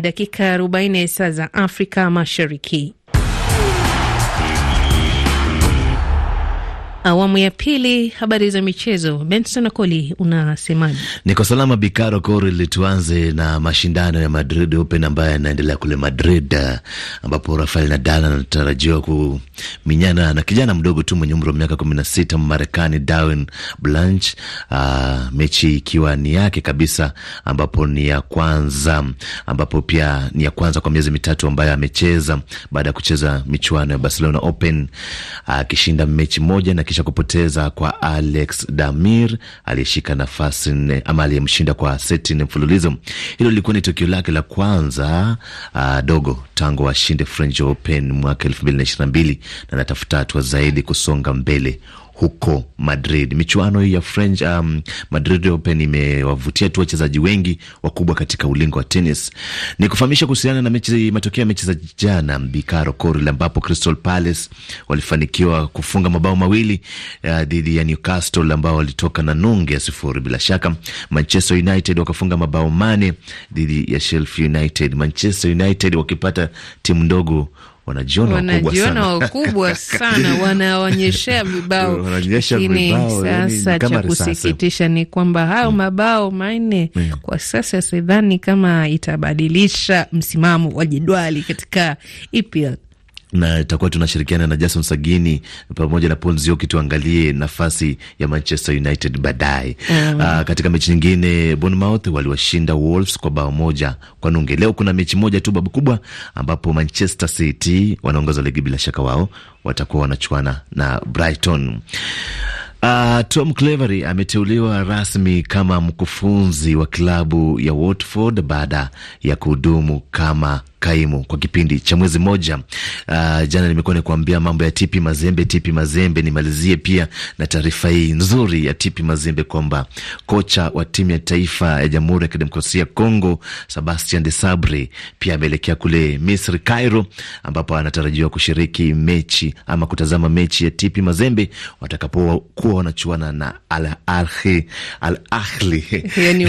dakika 40 saa za Afrika Mashariki. awamu ya pili. Habari za michezo, Benson Akoli, unasemaje? Niko salama Bikaro Koril. Lituanze na mashindano ya Madrid Open ambayo yanaendelea kule Madrid, eh, ambapo Rafael Nadal anatarajiwa kuminyana na kijana mdogo tu mwenye umri wa miaka kumi na sita Mmarekani Darwin Blanch, ah, mechi ikiwa ni yake kabisa, ambapo ni ya kwanza, ambapo pia ni ya kwanza kwa miezi mitatu ambayo amecheza baada ya kucheza michuano ya Barcelona Open akishinda mechi moja na kisha kupoteza kwa Alex Damir aliyeshika nafasi nne ama aliyemshinda kwa seti nne mfululizo. Hilo lilikuwa ni tukio lake la kwanza uh, dogo tangu washinde French Open mwaka elfu mbili na ishirini na mbili na anatafuta hatua zaidi kusonga mbele huko Madrid. Michuano hii ya French um, Madrid Open imewavutia tu wachezaji wengi wakubwa katika ulingo wa tenis. Ni kufahamisha kuhusiana na mechi, matokeo ya mechi za jana Bikaro Koril, ambapo Crystal Palace walifanikiwa kufunga mabao mawili uh, dhidi ya Newcastle ambao walitoka na nunge ya sifuri. Bila shaka Manchester United wakafunga mabao mane dhidi ya Sheffield United, Manchester United wakipata timu ndogo wanajiona wakubwa, wakubwa sana, wanaonyeshea vibao. Lakini sasa cha kusikitisha ni kwamba hayo mm. mabao manne mm. kwa sasa sidhani kama itabadilisha msimamo wa jedwali katika EPL na itakuwa tunashirikiana na Jason Sagini pamoja na Paul Nzioki, tuangalie nafasi ya Manchester United baadaye. mm. Uh, katika mechi nyingine Bournemouth waliwashinda Wolves kwa bao moja kwa nunge. Leo kuna mechi moja tu babu kubwa, ambapo Manchester City wanaongoza ligi, bila shaka wao watakuwa wanachuana na Brighton. Uh, Tom Cleverley ameteuliwa rasmi kama mkufunzi wa klabu ya Watford baada ya kuhudumu kama kaimu kwa kipindi cha mwezi mmoja. Uh, ah, jana nimekuwa nikuambia mambo ya Tipi Mazembe, Tipi Mazembe. Nimalizie pia na taarifa hii nzuri ya Tipi Mazembe kwamba kocha wa timu ya taifa ya Jamhuri ya Kidemokrasia ya Kongo Sebastian de Sabri pia ameelekea kule Misri, Cairo, ambapo anatarajiwa kushiriki mechi ama kutazama mechi ya Tipi Mazembe watakapokuwa wanachuana na Al Al yani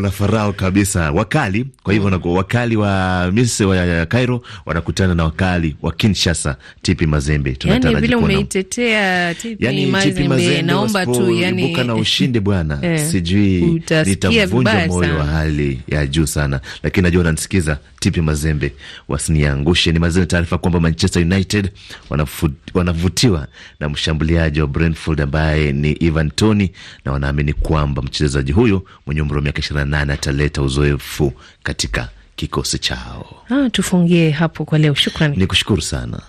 wafarao kabisa wakali, kwa hivyo mm. wakali wakali wa Misri wa Cairo wanakutana na wakali wa Kinshasa Tipi Mazembe. Yaani Tunataraji vile umeitetea Tipi yani, Mazembe, Mazembe naomba tu yani na ushindi bwana eh, sijui nitavunja moyo wa hali ya juu sana, lakini najua unanisikiza Tipi Mazembe, wasiniangushe. Ni Mazembe taarifa kwamba Manchester United wanavutiwa na mshambuliaji wa Brentford ambaye ni Ivan Toni na wanaamini kwamba mchezaji huyo mwenye umri wa miaka 28 ataleta uzoefu katika kikosi chao. Ah, tufungie hapo kwa leo. Shukrani, ni kushukuru sana.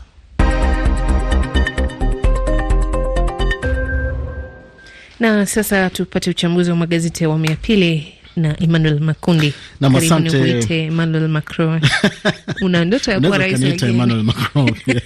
Na sasa tupate uchambuzi wa magazeti ya awamu ya pili na Emmanuel Makundi. Na asante Emmanuel Macron. Una ndoto ya kuwa rais wa Emmanuel Macron.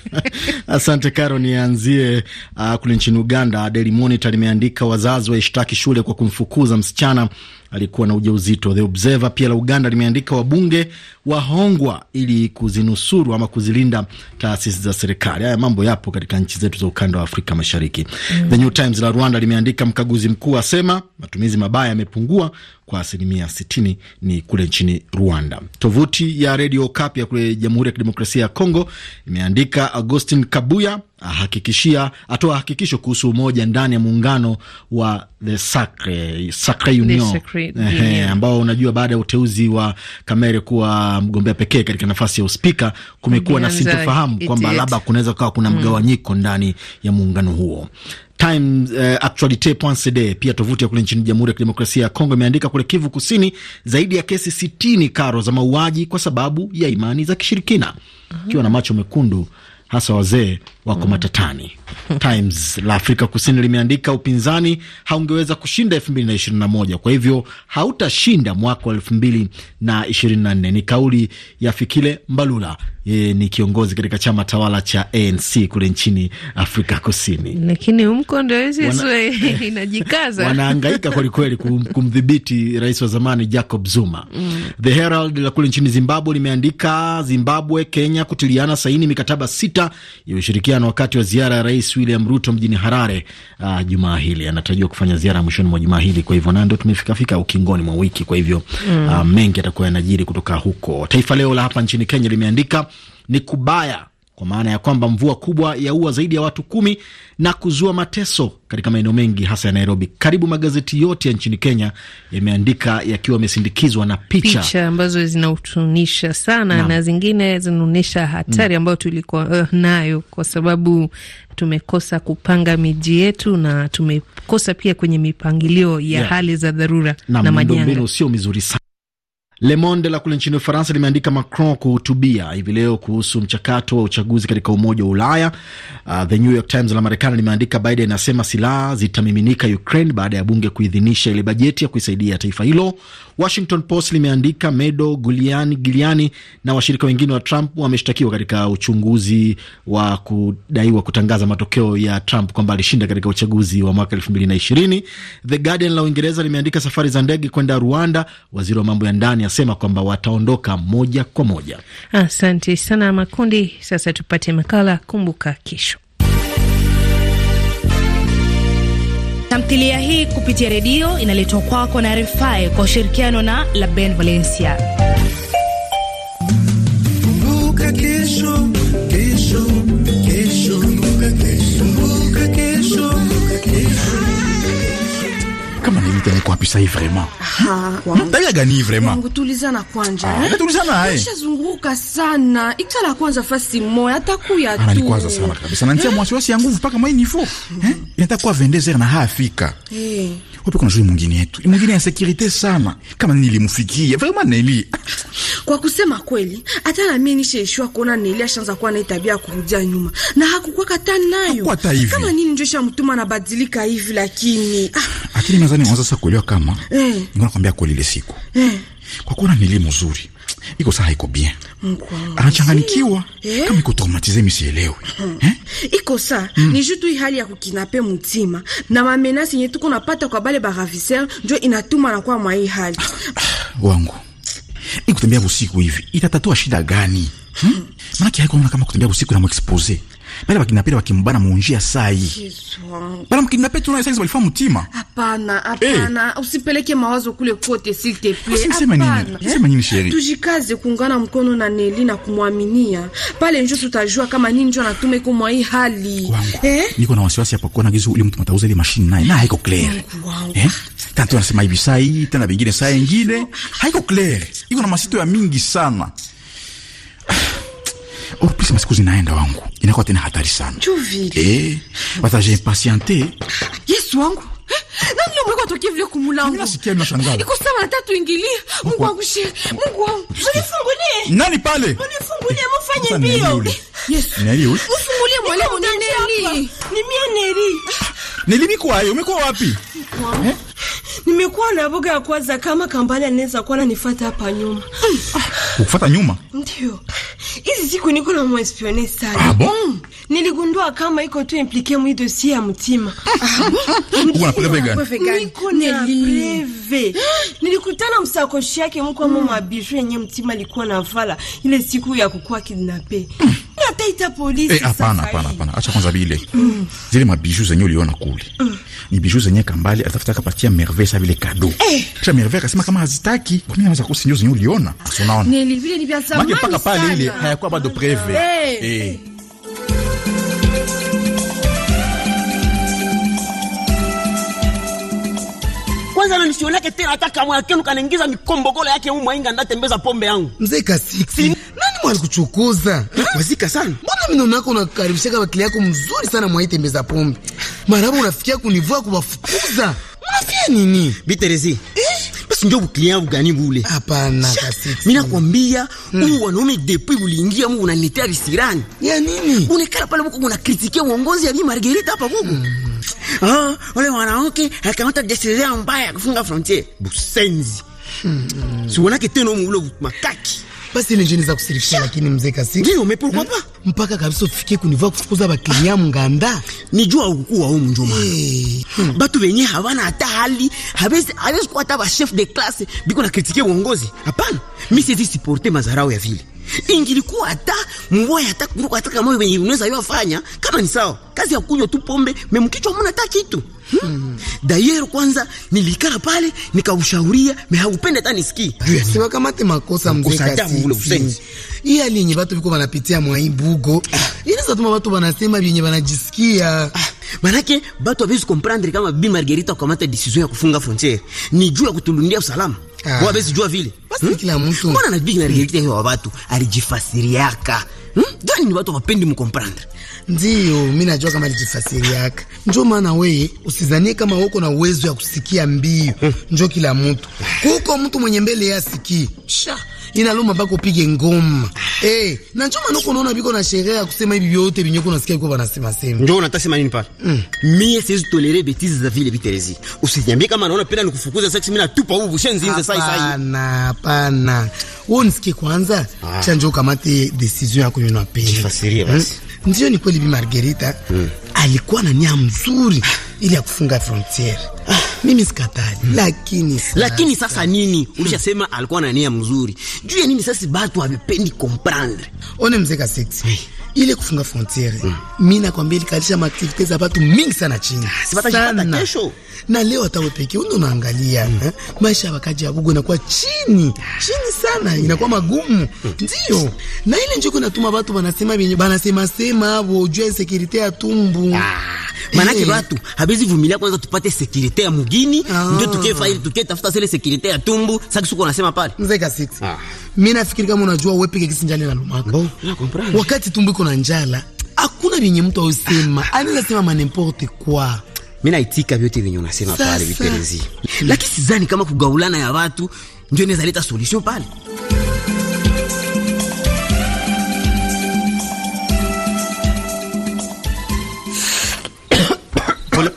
Asante Karo, nianzie uh, kule nchini Uganda. Daily Monitor limeandika wazazi waishtaki shule kwa kumfukuza msichana alikuwa na ujauzito. The Observer pia la Uganda limeandika wabunge wahongwa ili kuzinusuru ama kuzilinda taasisi za serikali. Haya mambo yapo katika nchi zetu za ukanda wa Afrika Mashariki. Mm. The New Times la Rwanda limeandika mkaguzi mkuu asema matumizi mabaya yamepungua kwa asilimia 60 ni kule nchini Rwanda. Tovuti ya Radio Okapi ya kule Jamhuri ya Kidemokrasia ya Kongo imeandika Augustin Kabuya ahakikishia atoa hakikisho kuhusu umoja ndani ya muungano wa The Sacre, Sacre Union ehe, ambao unajua baada ya uteuzi wa Kamere kuwa mgombea pekee katika nafasi ya uspika kumekuwa na sintofahamu kwamba labda kunaweza kuwa kuna mm. mgawanyiko mm, ndani ya muungano huo. Times uh, eh, actualite.cd pia tovuti ya kule nchini Jamhuri ya Kidemokrasia ya Kongo imeandika kule Kivu Kusini zaidi ya kesi sitini karo za mauaji kwa sababu ya imani za kishirikina, ikiwa na macho mekundu hasa wazee wako matatani. Hmm. Times la Afrika Kusini limeandika upinzani haungeweza kushinda elfu mbili na ishirini na moja, kwa hivyo hautashinda mwaka wa elfu mbili na ishirini na nne. Ni kauli ya Fikile Mbalula. Yeye ni kiongozi katika chama tawala cha ANC kule nchini Afrika Kusini, lakini umko Wana, eh, inajikaza wanaangaika kwelikweli kumdhibiti rais wa zamani Jacob Zuma. Mm. The Herald la kule nchini Zimbabwe limeandika Zimbabwe Kenya kutiliana saini mikataba sita ya ushirikiano mkutano wakati wa ziara ya Rais William Ruto mjini Harare uh, jumaa hili. Anatarajiwa kufanya ziara mwishoni mwa jumaa hili, kwa hivyo nando tumefikafika ukingoni mwa wiki, kwa hivyo mm. uh, mengi atakuwa yanajiri kutoka huko. Taifa Leo la hapa nchini Kenya limeandika ni kubaya kwa maana ya kwamba mvua kubwa yaua zaidi ya watu kumi na kuzua mateso katika maeneo mengi hasa ya Nairobi. Karibu magazeti yote ya nchini Kenya yameandika yakiwa yamesindikizwa na picha, picha ambazo zinautunisha sana na, na zingine zinaonyesha hatari mm. ambayo tulikuwa uh, eh, nayo kwa sababu tumekosa kupanga miji yetu na tumekosa pia kwenye mipangilio ya yeah, hali za dharura na, na majanga sio mizuri sana. Le Monde la kule nchini Ufaransa limeandika Macron kuhutubia hivi leo kuhusu mchakato wa uchaguzi katika Umoja wa Ulaya. Uh, The New York Times la Marekani limeandika Biden anasema silaha zitamiminika Ukraine baada ya bunge kuidhinisha ile bajeti ya kuisaidia taifa hilo. Washington Post limeandika Medo Giuliani, Giuliani na washirika wengine wa Trump wameshtakiwa katika uchunguzi wa kudaiwa kutangaza matokeo ya Trump kwamba alishinda katika uchaguzi wa mwaka 2020. The Guardian la Uingereza limeandika safari za ndege kwenda Rwanda, waziri wa mambo ya ndani inasema kwamba wataondoka moja kwa moja. Asante sana Makundi. Sasa tupate makala Kumbuka Kesho. Tamthilia hii kupitia redio inaletwa kwako na RFI kwa ushirikiano na La Ben Valencia. Kumbuka kesho, kesho, kesho, kumbuka kesho, kumbuka kesho, kumbuka kesho. Kama nilikuwa hapa sai vraiment Tabia hmm, gani vrema? Ngutulizana ah, eh? kwanza. Ah, tulizana hai. Nishazunguka sana. Ikitala kwanza fasi moya atakuya tu. Ana kwanza sana kabisa. Na nitia mwasi wasi yangu mpaka mai niveau. Hmm. Eh? Inatakuwa 22h na haafika. Eh. Wapi kuna juu mwingine yetu. Mwingine ya security sana. Kama nini ilimfikia? Vrema Neli. Kwa kusema kweli, hata na mimi nishaishwa kuona Neli ashaanza kuwa na tabia ya kurudia nyuma. Na hakukuwa katani nayo. Kama nini ndio shamtuma anabadilika hivi lakini. Ah. Lakini nadhani naanza sasa kuelewa kama eh, kwambia kweli ile siku eh, kwa kuwa nili mzuri iko saa iko bien anachanganikiwa eh, kama iko traumatize misielewe hmm. Uh-huh. eh? iko saa mm. ni jutu hali ya kukinape mtima na mamenasi yenye tuko napata kwa bale baraviseur njo inatuma na kwa mwa hii hali ah, ah wangu ikutembea usiku hivi itatatua shida gani hmm? hmm. maanake haikuona kama kutembea usiku na mwexpose bale bakinapere bakimbana munjia sai bana mkinapere tuna sasa walifanya mtima. Hapana, eh. hapana, usipeleke mawazo kule kote, s'il te plaît. Sema nini? Sema nini eh, sheri? Tujikaze kuungana mkono na Neli na kumwaminia pale, njoo tutajua kama nini njoo anatume kwa hii hali eh. Niko na wasiwasi hapa kwa gizu ile mtu matauza ile mashine naye na haiko clear eh, tanto anasema hivi sai tena, bingine sai ingine haiko clear, iko na masito ya mingi sana orpisi masiku zinaenda wangu, inakuwa tena hatari sana juu vile eh, watajimpatiente. Yesu wangu eh, nani leo mlikuwa tokea vile kumulangu, mimi nasikia na shangaa iko sawa. Nataka tuingilie. Mungu wangu she, Mungu wangu mnifungulie. Nani pale? Mnifungulie, mfanye bio. Yesu nani huyu? Mfungulie mwalimu, nani nani? Ni mimi Neri. Nilimikuwa hayo, umekuwa wapi? Eh? Nimekuwa na boga ya kwanza kama kambali anaweza kuwa ananifuata hapa nyuma. Ah, kufuata nyuma? Ndio hizi siku niko na mwespione sana. Ah, bon? Mm, niligundua kama iko tu implike mwi dosie ya mtima. Ah, ah, ah, Una Niko na preve. Nilikutana msakoshi yake mko mwa mabiju mm. yenye mtima alikuwa na vala ile siku ya kukua kidnape. Mm hata ita polisi eh, hapana hapana hapana, acha kwanza bile mm. zile mabiju zenye uliona kule mm. ni biju zenye kambali atafuta kapatia Merve sa vile kado eh. kisha Merve akasema kama hazitaki, kwa nini anaweza kusinyo ndio zenye uliona sasa, unaona ni vile ni vya zamani maji paka pale ile hayakuwa bado preve eh, eh. kwanza na nisione yake tena, hata kama yake kanaingiza mikombogolo yake huko mwainga ndatembeza pombe yangu mzee kasiki si alikuchukuza wazika sana. Mbona minono yako unakaribishaka wakili yako mzuri sana mwaitembeza pombe, marabu unafikia kunivua kuwafukuza, unafia nini Biterezi? Eh? Basi bugani bule. Hapana kasi. Mimi nakwambia mm. wanaume depuis uliingia mimi unaniletea visirani. Ya nini? Unaikala pale huko unakritikia uongozi ya Bi Margarita hapa huko. Mm. Ah, wale wanawake akamata decision mbaya kufunga frontier. Busenzi. Mm. Si unaona kitendo mlo makaki. Basi ile njini za kusirifisha lakini mzee kasi. Ndio umepokuwa hapa? Mpaka kabisa ufikie kunivua kufukuza baklinia mnganda. Nijua ukuu wa huko ndio eh. hmm. Batu wenye hawana hata hali, hawezi hawezi kuwa hata chef de classe biko na critiquer uongozi. Hapana. Mimi siwezi supporter mazarao ya vile ingilikuwa hata mvua hata kuruka hata kama wewe unaweza yofanya kama ni sawa, kazi ya kunywa tu pombe, memkichwa mna hata kitu hmm. Dayero kwanza nilikara pale nikamushauria, mehaupenda hata nisikii siwa kama te makosa mzee kasi ule usenzi hii alinyi, watu biko wanapitia mwaibugo ah. inaweza tuma watu wanasema binye wanajisikia ah. Manake batu hawezi comprendre kama Bibi Margarita akamata decision ya kufunga frontiere ni juu ya kutulundia usalama. Ah. Wabezi jua vile. Basi hmm? Kila mtu. Mbona na Bibi Margarita hiyo watu alijifasiriaka. Hmm? Dani ni watu wapendi mkomprendre. ndio mimi najua kama alijifasiriaka. Njoo maana wewe usizanie kama uko na uwezo ya kusikia mbio. Hmm. Njoo kila mtu. Kuko mtu mwenye mbele yasikii. Sha inalomba mpaka upige ngoma eh, na njoo maana uko unaona biko na sherehe ya kusema hivi vyote vinyo kuna sikia kwa wanasema sema, njoo unatasema nini pale? mm. mie siwezi tolerate betizi za vile biterezi, usiniambie kama naona penda nikufukuza sex, mimi natupa huko shenzi nze sai sai. Hapana, hapana, wewe nisikie kwanza ah. chanjo kamate decision yako yenyewe unapenda kifasiria basi hmm? Ndio ni kweli bi Margarita hmm alikuwa na nia mzuri ili ya kufunga frontiere. Ah, mimi sikatali hmm. Lakini sasa, lakini sasa nini ulishasema Alikuwa na nia mzuri juu ya nini? Sasa batu havipendi comprendre. One mzee ka sexy ile kufunga frontiere mm. mi nakwambia ilikalisha maaktivite za watu mingi sana chini ah, sana, kesho na leo atawepeke undo naangalia mm. Eh? maisha ya wakaji ya gugu inakuwa chini chini sana, inakuwa magumu mm. ndio, na ile njoko natuma watu banasema sema vo jua ya tumbu ah. Maanake eh. watu habezi vumilia kwanza tupate sekirite ya mugini, oh. ndio faili ili tafuta sele sekirite ya tumbu. saki suko nasema pale mzee ka ah. mimi nafikiri kama unajua wewe peke kisi njala na lumaka, ah, wakati tumbu iko na njala hakuna lenye mtu ausema, anaweza ah. sema ma kwa quoi mimi naitika vyote vyenye unasema pale viterezi, hmm. lakini sidhani kama kugaulana ya watu ndio inaweza leta solution pale.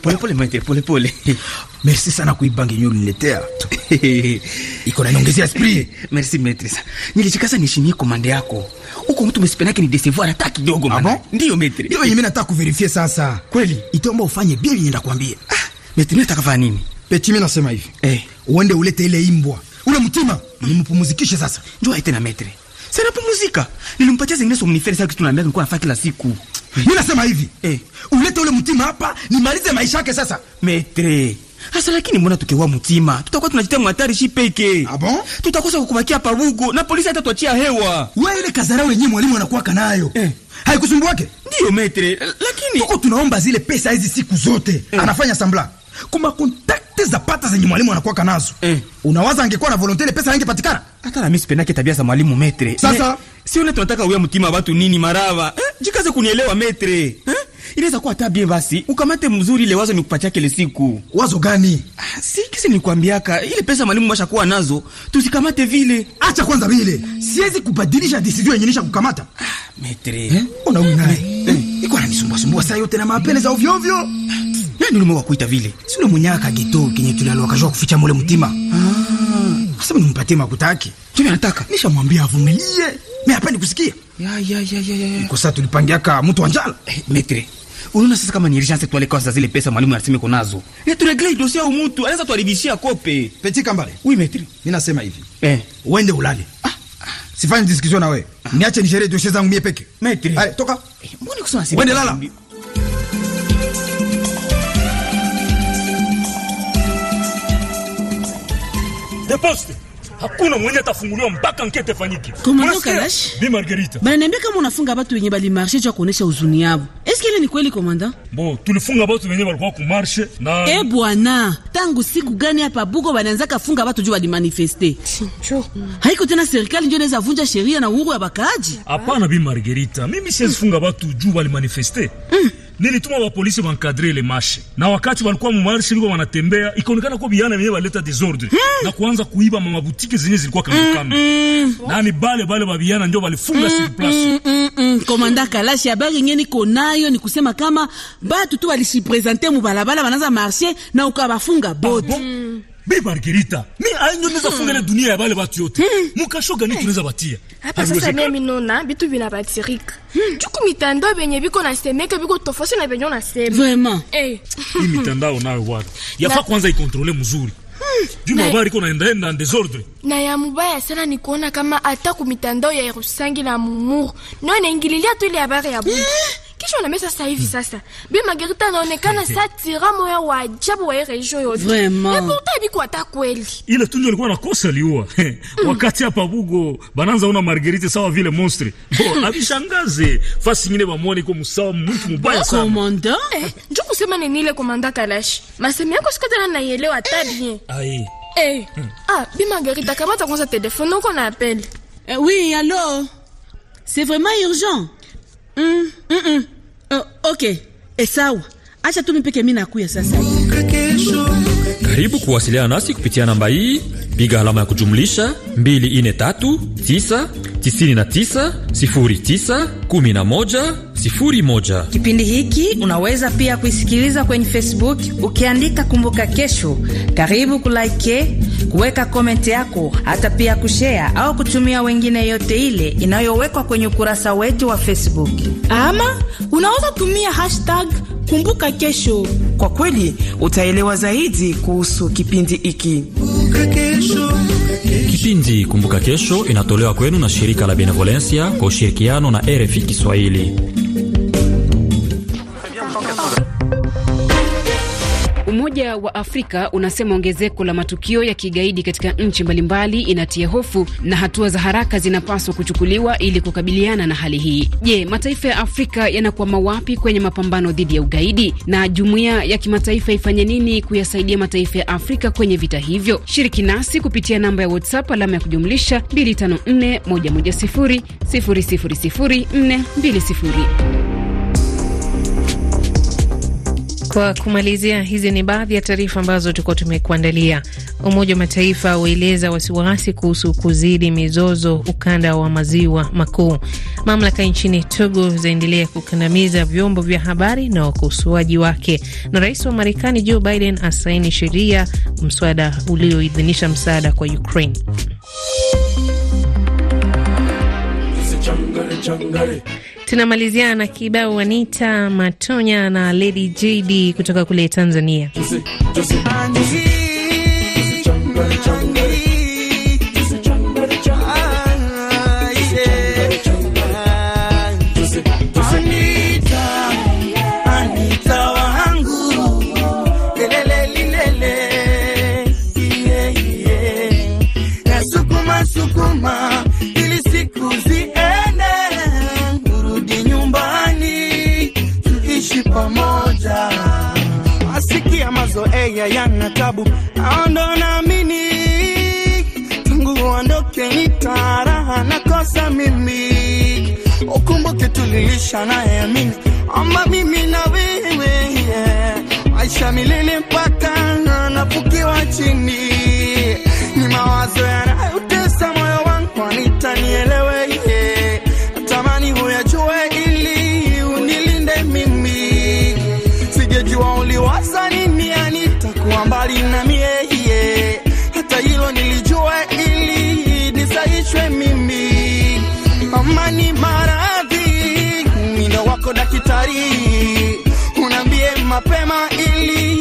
Pole pole mwete, pole pole. Merci sana kuibangi nyuli uniletea. Iko na naniongezea esprit. Merci maître. Nilichikaza nishimie komande yako. Huko mtu msipenake ni decevoir hata kidogo mama. Ah, bon? Ndio maître. Ndio mimi nataka kuverifie sasa. Kweli? Itaomba ufanye bibi nenda kuambia. Ah, mimi nataka fanya nini? Peti mimi nasema hivi. Eh, uende ulete ile imbwa. Ule mtima nimpumuzikishe sasa. Njoo aite na maitre. Sana pumuzika. Nilimpatia zingine somniferi sasa kitu naambia nilikuwa nafanya kila siku. Mimi nasema hivi eh, ulete ule mtima hapa nimalize maisha yake sasa. Maitre. Asa lakini mbona tukiwa mtima tutakuwa tunajitia mhatari shi peke ah, bon tutakosa kukubakia pabugo na polisi hata tuachia hewa. Wewe ile kazarau yenyewe mwalimu anakuwa kanayo. eh, Haikusumbuake? Ndio maitre. lakini tuko tunaomba zile pesa hizi siku zote eh, anafanya sambla kuma kontakte za pata zenye mwalimu anakuwa nazo eh. Unawaza angekuwa na volonte ile pesa angepatikana. hata na mimi sipendake tabia za mwalimu metre. Sasa si sione tunataka uya mtima watu nini marava eh? Jikaze kunielewa metre eh? Inaweza kuwa hata bien basi ukamate mzuri, ile wazo nikupatia kile siku. Wazo gani? Ah, si kisi nilikwambiaka ile pesa mwalimu basha nazo tusikamate vile. Acha kwanza vile, siwezi kubadilisha decision yenye nisha kukamata. Ah, metre eh? Unaona huyu eh, naye eh? Iko misumbua sumbua saa yote na mapele za ovyo ovyo eh? Ah. Yaani ulimo wa kuita vile? Si ndo munyaka geto kenye tulalo akajua kuficha mule mtima. Ah, asema nimpatie makutaki. Tumi anataka. Nishamwambia avumilie. Mimi hapendi kusikia. Ya ya ya ya ya. Kosa tulipangiaka mtu wa njala. Eh, metre. Unaona sasa kama ni nilijanse tuale kosa zile pesa mwalimu anasema iko nazo. Ya tu regle dossier au mtu, anaweza tuaribishia kope. Petit Kambale. Oui, metre. Mimi nasema hivi. Eh, uende ulale. Ah. Sifanyi discussion na wewe. Ah. Niache nisherehe dossier zangu mie peke. Metre. Haya, toka. Eh, mbona kusema sasa? Wende lala. Mbi. de poste hakuna mwenye atafunguliwa mpaka nkete fanyike. Komando Kalash bi Margarita bananiambia kama unafunga batu wenye bali marshe cha kuonesha uzuni yao. Eske ile ni kweli komanda? Bo, tulifunga batu wenye walikuwa ku marshe na eh bwana, tangu siku gani hapa Bugo wanaanza kufunga batu juu bali manifeste? Sinjo. Haiko tena serikali ndio inaweza vunja sheria na uhuru ya bakaji. Hapana bi Margarita, mimi siwezi funga batu juu bali manifeste. Mm nilituma wa polisi wankadre ile marshe, na wakati walikuwa mumarshe liko wanatembea, ikaonekana kwa biana yenyewe waleta desordre hmm. na kuanza kuiba mabutiki zenyewe zilikuwa kama kama mm, mm. nani bale bale ba ndio walifunga mm, surplace mm, komanda mm. komanda Kalashi, habari ngeni konayo ni kusema kama batu tu walisipresenter mubalabala balabala wanaanza marshe na ukabafunga bote ah, bon. Hmm. Bi Margarita, mimi hayo ndio naweza hmm. funga dunia ya wale watu yote. Mkasho hmm. gani tunaweza hmm. batia? Hapa sasa mimi nona bitu vinabatirika. Chuku mitandao benye biko nasemeka biko tofauti na benye unasema. Vraiment. Eh. Hii mitandao nayo watu. Yafaa kwanza ikontrole mzuri. Juu mabari iko naendaenda desordre. Na ya mubaya sana ni kuona kama hata ku ya Rusangi na Mumuru. Nao naingililia tu ile habari ya bunge. Eh kisha wanamesa sasa hivi sasa Bi Margarita anaonekana saa tira moya wa ajabu wa rejo yote vraiment, et pourtant biko ata kweli ile tunjo ilikuwa na kosa liua wakati hapa bugo bananza una Margarita sawa vile monstre bo abishangaze fasi nyingine bamwone ko msawa mtu mubaya sana komanda eh, njoo kusema nini ile komanda Kalashi masemi yako sikatana naielewa hata eh, bien ai eh hmm. ah Bi Margarita kamata kwanza telefone uko na appel eh, oui allô c'est vraiment urgent Mm, mm -mm. Uh, okay. Esawa. Eh, Acha tu mipeke, mimi nakuya sasa. Karibu kuwasiliana nasi kupitia namba hii, piga alama ya kujumlisha 243 Kipindi hiki unaweza pia kuisikiliza kwenye Facebook ukiandika kumbuka kesho. Karibu kulike kuweka komenti yako, hata pia kushea au kutumia wengine yote ile inayowekwa kwenye ukurasa wetu wa Facebook. Ama unaweza tumia hashtag kumbuka kesho. Kwa kweli utaelewa zaidi kuhusu kipindi hiki. Kipindi Kumbuka Kesho inatolewa kwenu na shirika la Benevolencia kwa ushirikiano na RFI Kiswahili. Umoja wa Afrika unasema ongezeko la matukio ya kigaidi katika nchi mbalimbali inatia hofu na hatua za haraka zinapaswa kuchukuliwa ili kukabiliana na hali hii. Je, mataifa ya Afrika yanakwama wapi kwenye mapambano dhidi ya ugaidi na jumuiya ya kimataifa ifanye nini kuyasaidia mataifa ya Afrika kwenye vita hivyo? Shiriki nasi kupitia namba ya WhatsApp alama ya kujumlisha 254 110 000 420. Kwa kumalizia, hizi ni baadhi ya taarifa ambazo tulikuwa tumekuandalia. Umoja wa Mataifa waeleza wasiwasi kuhusu kuzidi mizozo ukanda wa maziwa makuu. Mamlaka nchini Togo zaendelea kukandamiza vyombo vya habari na wakosoaji wake, na rais wa Marekani Joe Biden asaini sheria mswada ulioidhinisha msaada kwa Ukraine. Tunamalizia na kibao Anita Matonya na Lady JD kutoka kule Tanzania. ili siku zi ajabu aondo naamini tangu tara nitaraha nakosa mimi ukumbuke tulilisha nayeamini ama mimi na wewe yeah. maisha milele mpaka nafukiwa chini kuwa mbali na mie, hata hilo nilijua, ili nisaishwe mimi. Amani maradhi, wino wako daktari, unambie mapema ili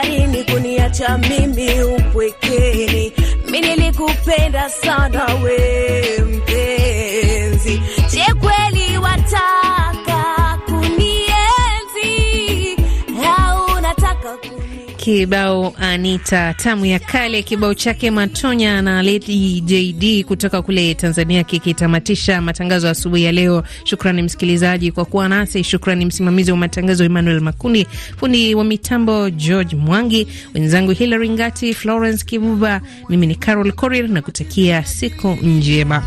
safarini kuniacha mimi upwekeni. Mimi nilikupenda sana wewe kibao Anita tamu ya kale, kibao chake Matonya na Lady JD kutoka kule Tanzania kikitamatisha matangazo asubuhi ya leo. Shukrani msikilizaji kwa kuwa nasi, shukrani msimamizi wa matangazo Emmanuel Makundi, fundi wa mitambo George Mwangi, wenzangu Hilary Ngati, Florence Kibuba, mimi ni Carol corel na kutakia siku njema.